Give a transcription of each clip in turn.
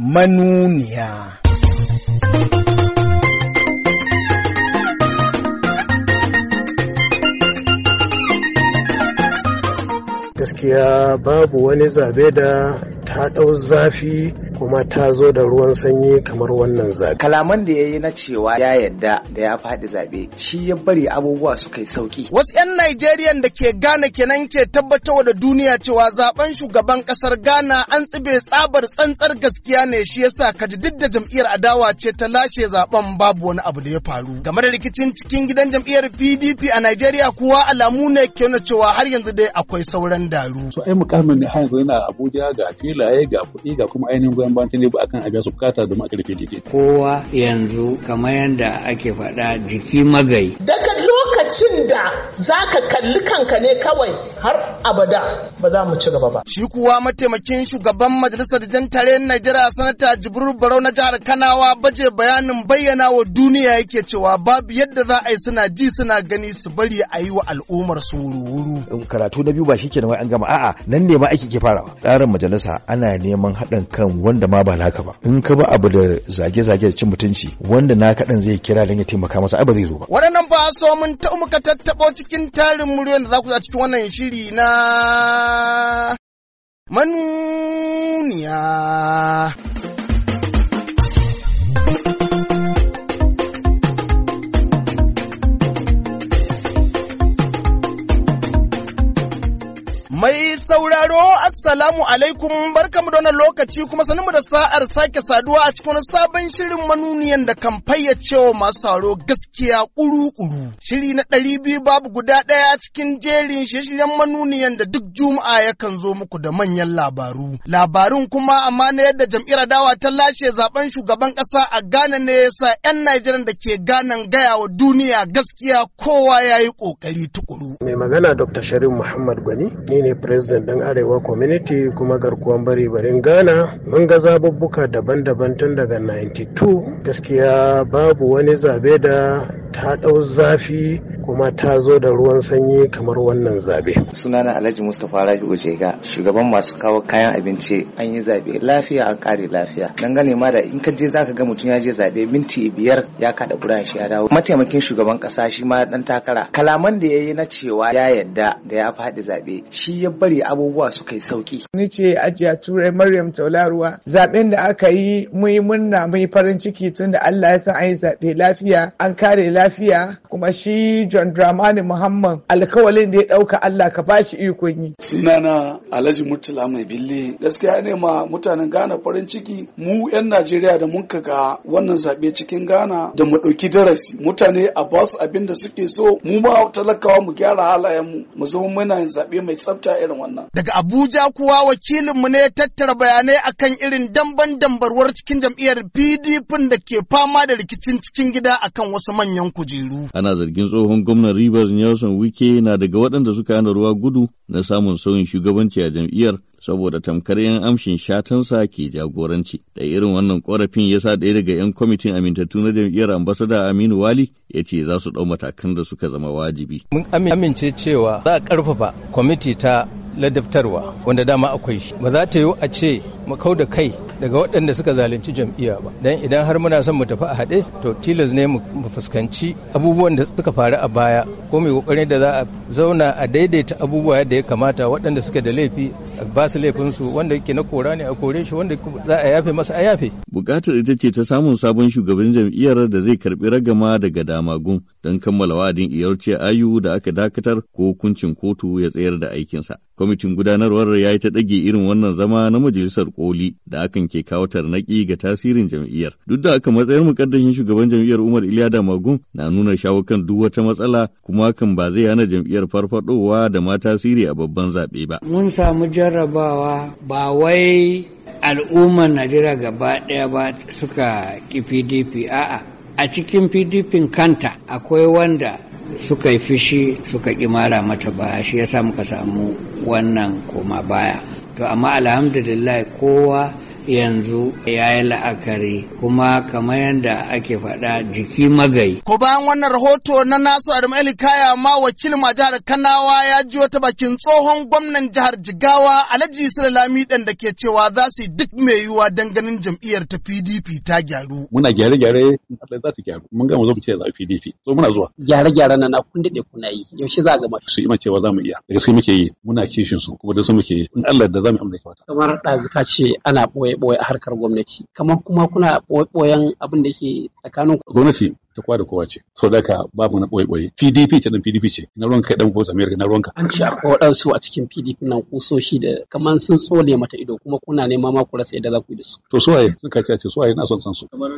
manuniya. Gaskiya babu wani zabe da ta ɗau zafi kuma ta zo da ruwan sanyi kamar wannan zaɓe. Kalaman da ya yi na cewa ya yadda da ya faɗi zaɓe shi ya bari abubuwa su kai sauƙi. Wasu 'yan Najeriyan da ke Ghana kenan ke tabbatar da duniya cewa zaben shugaban ƙasar Ghana an tsibe tsabar tsantsar gaskiya ne shi yasa ka ji duk da jam'iyyar adawa ce ta lashe zaben babu wani abu da ya faru. Game da rikicin cikin gidan jam'iyyar PDP a Najeriya kuwa alamu ne ke nuna cewa har yanzu dai akwai sauran daru. So ai mukamin ne har yanzu yana Abuja ga filaye ga kuɗi ga kuma ainihin goyon bayan Tinubu akan a biya su bukata domin a karfe daidai. Kowa yanzu kamar yadda ake faɗa jiki magai. Daga lokacin da za ka kalli kanka ne kawai har abada ba za mu ci gaba ba. Shi kuwa mataimakin shugaban majalisar jan tare Najeriya sanata Jibril Barau na jihar Kanawa baje bayanin bayyana wa duniya yake cewa babu yadda za a yi suna ji suna gani su bari a yi wa al'ummar su wuru um, Karatu na biyu ba shi kenan wai an gama a'a nan ne ma aiki ke farawa. Tsarin majalisa ana neman haɗin kan wanda wanda ma ba naka ba in ka ba abu da zage-zage da cin mutunci wanda na kaɗan zai kira dan ya taimaka masa ai ba zai zo ba waɗannan ba so mun ta ka tattabo cikin tarin muryar da za ku za cikin wannan shiri na manuniya sauraro assalamu alaikum barkamu da wannan lokaci kuma sanin da sa'ar sake saduwa a cikin sabon shirin manuniyan da kan fayyacewa masu saro gaskiya kuru-kuru. Shiri na ɗari biyu babu guda ɗaya cikin jerin shirin manuniyan da duk juma'a yakan zo muku da manyan labaru. Labarun kuma amma na yadda jam'iyyar dawa ta lashe zaben shugaban ƙasa a Ghana ne ya sa 'yan Najeriya da ke Ghana gaya wa duniya gaskiya kowa ya yi ƙoƙari tukuru. Mai magana Dr. Sharif Muhammad Gwani ni ne President foundation arewa community kuma garkuwan bari barin ghana mun ga zabubbuka daban-daban tun daga 92 gaskiya babu wani zabe da ta ɗau zafi kuma ta zo da ruwan sanyi kamar wannan zabe. Sunana Alhaji Mustapha Rabi'u ojega shugaban masu kawo kayan abinci an yi zabe lafiya an kare lafiya. Dangane ma da in ka je zaka ga mutum ya je zabe minti biyar ya kada kuran shi ya dawo. Mataimakin shugaban kasa shi ma dan takara. Kalaman da yayi na cewa ya yadda da ya faɗi zabe shi ya bari abubuwa su yi sauki. Ni ce Ajiya Turai Maryam Taularuwa. Zaben da aka yi mun yi munna mun farin ciki tunda Allah ya san an yi zabe lafiya an kare lafiya. lafiya kuma shi John Dramani Muhammad alkawalin da ya ɗauka Allah ka bashi ikon yi. Sinana Alhaji Murtala mai bille gaskiya ne ma mutanen Ghana farin ciki mu 'yan Najeriya da mun ga wannan zaɓe cikin Ghana da mu ɗauki darasi mutane a ba abin da suke so mu ma talakawa mu gyara halayen mu mu zama muna yin zaɓe mai tsafta irin wannan. Daga Abuja kuwa wakilin mu ne tattara bayanai akan irin damban dambarwar cikin jam'iyyar PDP da ke fama da rikicin cikin gida akan wasu manyan kujeru. Ana zargin tsohon gwamnan Rivers Nelson Wike na daga waɗanda suka hana ruwa gudu na samun sauyin shugabanci a jam'iyyar saboda tamkar 'yan amshin shatansa ke jagoranci. Da irin wannan korafin ya sa ɗaya daga 'yan kwamitin amintattu na jam'iyyar ambasada Aminu Wali ya ce za su ɗau matakan da suka zama wajibi. Mun amince cewa za a ƙarfafa kwamiti ta ladabtarwa wanda dama akwai shi ba za ta yiwu a ce mu kau da kai daga waɗanda suka zalunci jam'iyya ba dan idan har muna son mu tafi a haɗe to tilas ne mu fuskanci abubuwan da suka faru a baya ko mai kokarin da za a zauna a daidaita abubuwa yadda ya kamata waɗanda suke da laifi ba laifinsu wanda yake na kora ne a kore shi wanda za a yafe masa a yafe. Bukatar ita ce ta samun sabon shugaban jam'iyyar da zai karbi ragama daga damagun don kammala wa'adin ce ayu da aka dakatar ko hukuncin kotu ya tsayar da aikinsa. Kwamitin gudanarwar ya yi ta ɗage irin wannan zama na majalisar koli da akan ke kawo tarnaƙi ga tasirin jam'iyyar. Duk da aka matsayin mukaddashin shugaban jam'iyyar Umar Iliya Damagun na nuna shawo kan duk wata matsala kuma kan ba zai hana jam'iyyar farfadowa da ma tasiri a babban zaɓe ba. Mun samu jarrabawa ba wai al'ummar najeriya gaba ɗaya ba suka ki pdp a'a a cikin pdp kanta akwai wanda suka yi fishi suka ƙi mara mata baya shi yasa muka samu wannan koma baya to amma alhamdulillah kowa yanzu ya yi la'akari kuma kamar yadda ake faɗa jiki magai. Ko bayan wannan rahoto na Nasu Adamu Elikaya ma wakil ma jihar Kanawa ya ji wata bakin tsohon gwamnan jihar Jigawa Alhaji Sulalami ɗan da ke cewa za su duk mai yiwuwa don ganin jam'iyyar ta PDP ta gyaru. Muna gyare-gyare za ta gyaru. Mun gama zo mu ce za PDP. So muna zuwa. Gyare-gyare na kun daɗe kuna yi. Yaushe za a gama. Su ima cewa za mu iya. Da gaske muke yi. Muna kishin su kuma da su muke yi. In Allah da za mu amsa kyauta. Kamar ɗazuka ce ana ɓoye ɓoye-ɓoye a harkar gwamnati kamar kuma kuna ɓoye-ɓoyen abin da ke tsakanin gwamnati ta kwada kowa ce so da ka babu na boye boye PDP ce dan PDP ce na ruwanka dan vote America na ruwanka an ci akwai wadansu a cikin PDP nan kusoshi da kaman sun tsole mata ido kuma kuna nema ma ku rasa yadda za ku yi da su to suwaye suka ce suwaye na son san su kamar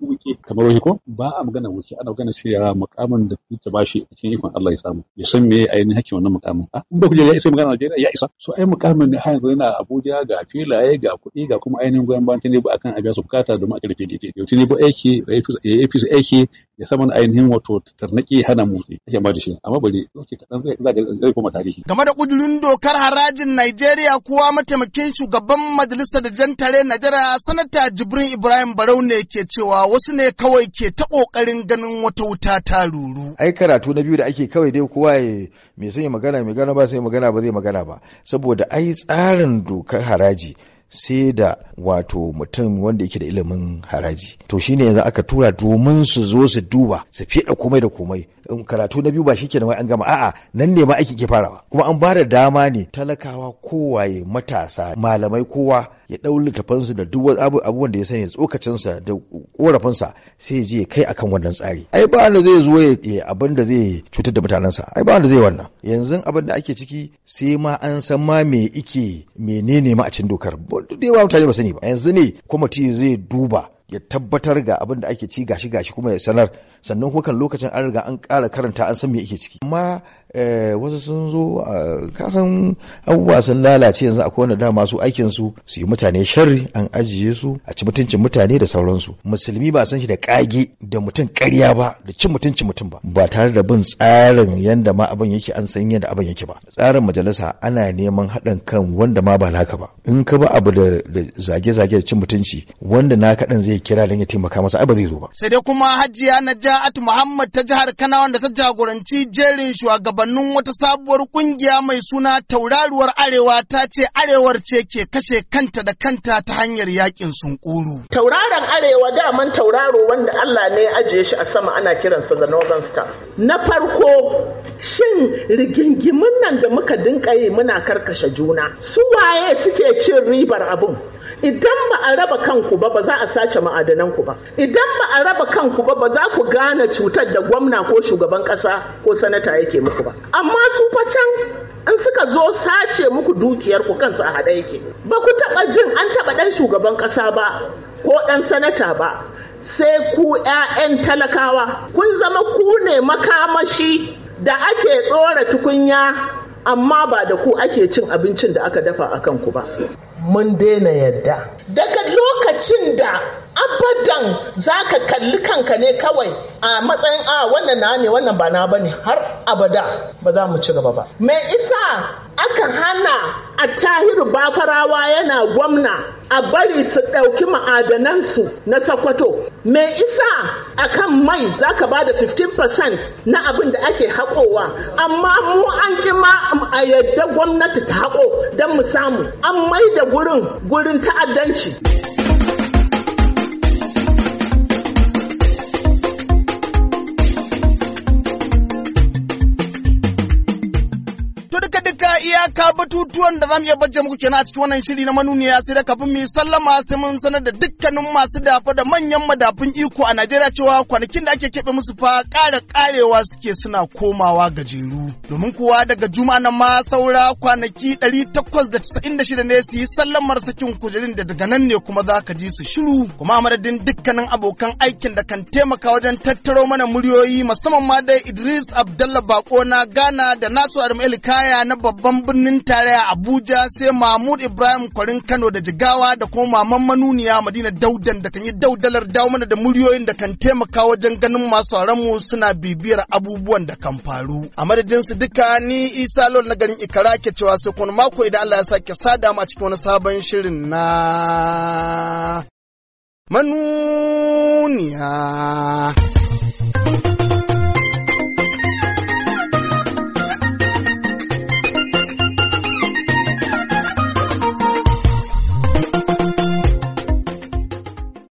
wuce. kamar wuce ko ba a magana wuce ana magana ya mukamin da ta bashi a cikin ikon Allah ya samu ya san me ainihin hakkin wannan mukamin ah, a ku je ya isa magana Najeriya ya isa so ai mukamin ne har yanzu yana Abuja ga filaye ga kuɗi ga kuma ainihin goyon bayan ba akan abiya su bukata domin a ƙarfi DP yau Tinubu aiki APC aiki ya sama na ainihin wato tarnaki hana motsi ake ma da shi amma bari lokaci kaɗan zai zai koma tarihi. Game da ƙudurin dokar harajin Najeriya kuwa mataimakin shugaban majalisar da tare Najeriya sanata Jibrin Ibrahim Barau ne ke cewa wasu ne kawai ke ta ƙoƙarin ganin wata wuta ta ruru. Ai karatu na biyu da ake kawai dai kowa ya mai son magana mai gana ba sai magana ba zai magana ba saboda ai tsarin dokar haraji sai da wato mutum wanda yake da ilimin haraji to shine yanzu aka tura domin su zo su duba su fiɗa komai da komai in karatu na biyu ba shi kenan wai an gama a'a nan ne ma aiki ke farawa kuma an bada dama ne talakawa kowaye matasa malamai kowa ya ɗau littafansu da duk abubuwan da ya sani tsokacinsa da korafinsa sai ya je kai akan wannan tsari ai ba wanda zai zo ya abin da zai cutar da mutanensa ai ba wanda zai wannan yanzu abin da ake ciki sai ma an san ma me ike menene ma a cikin dokar duk da yawa mutane ba sani ba yanzu ne kwamiti zai duba ya tabbatar ga abin da ake ci gashi gashi kuma ya sanar sannan kan lokacin an riga an ƙara karanta an san me yake ciki amma eh, wasu sun zo eh, ka san abubuwa sun lalace yanzu akwai wanda dama su aikin su su yi mutane sharri an ajiye su a ci mutuncin mutane da sauransu musulmi ba san shi da kage da mutum ƙarya ba da cin mutuncin mutum ba ba tare da bin tsarin yanda ma abin yake an san yanda abin yake ba tsarin majalisa ana neman haɗin kan wanda ma ba naka ba in ka ba abu da zage-zage da cin mutunci wanda naka ɗin zai kira don ya taimaka masa ai ba zai zo ba sai dai kuma hajiya naja'at muhammad ta jihar Kana wanda ta jagoranci jerin shugabannin wata sabuwar kungiya mai suna tauraruwar arewa ta ce arewar ce ke kashe kanta da kanta ta hanyar yakin sunkuru tauraron arewa daman tauraro wanda allah ne ya ajiye shi a sama ana kiransa da northern star na farko shin rigingimin nan da muka dinka yi muna karkashe juna su waye suke cin ribar abun idan ba a raba kanku ba ba za a sace ma'adananku ba idan ba a raba kanku ba ba za ku gane cutar da gwamna ko shugaban ƙasa ko sanata yake muku ba amma su fa can in suka zo sace muku dukiyar ku kansu a haɗe yake ba ku taɓa jin an taɓa ɗan shugaban ƙasa ba ko ɗan sanata ba sai ku 'ya'yan talakawa kun zama ku ne makamashi da ake tsora tukunya amma ba da ku ake cin abincin da aka dafa a kanku ba mun daina yadda daga lokacin da abadan za ka kalli kanka ne kawai a matsayin a ah, wannan na ne wannan ba na bane har abada ba za mu ci gaba ba me isa aka hana a tahiru bafarawa yana gwamna a bari su ɗauki ma'adanansu na Sokoto. Me isa a kan mai za ka ba da 15% na abin da ake haƙowa, amma mu an ma a yadda gwamnati ta haƙo don mu samu, an mai da gurin gurin ta'addanci. iyaka batutuwan da zamu iya bajje muku kenan a cikin wannan shiri na manuniya sai da kafin mu sallama sai mun sanar da dukkanin masu dafa da manyan madafin iko a Najeriya cewa kwanakin da ake keɓe musu fa ƙara ƙarewa suke suna komawa gajeru domin kuwa daga juma na ma saura kwanaki 896 ne su yi sallamar sakin kujerin da daga nan ne kuma za ka ji su shiru kuma madadin dukkanin abokan aikin da kan taimaka wajen tattaro mana muryoyi musamman ma da Idris Abdallah Bako na Ghana da Nasu Adam Kaya na babban birnin tarayya Abuja sai Mahmud Ibrahim Kwarin Kano da Jigawa da kuma Maman Manuniya Madina Daudan da kan yi daudalar dawo mana da muryoyin da kan taimaka wajen ganin masu mu suna bibiyar abubuwan da kan faru. A madadin su duka ni Isa Lol na garin Ikara ke cewa sai kuma mako idan Allah ya sake sada mu a cikin wani sabon shirin na manuniya.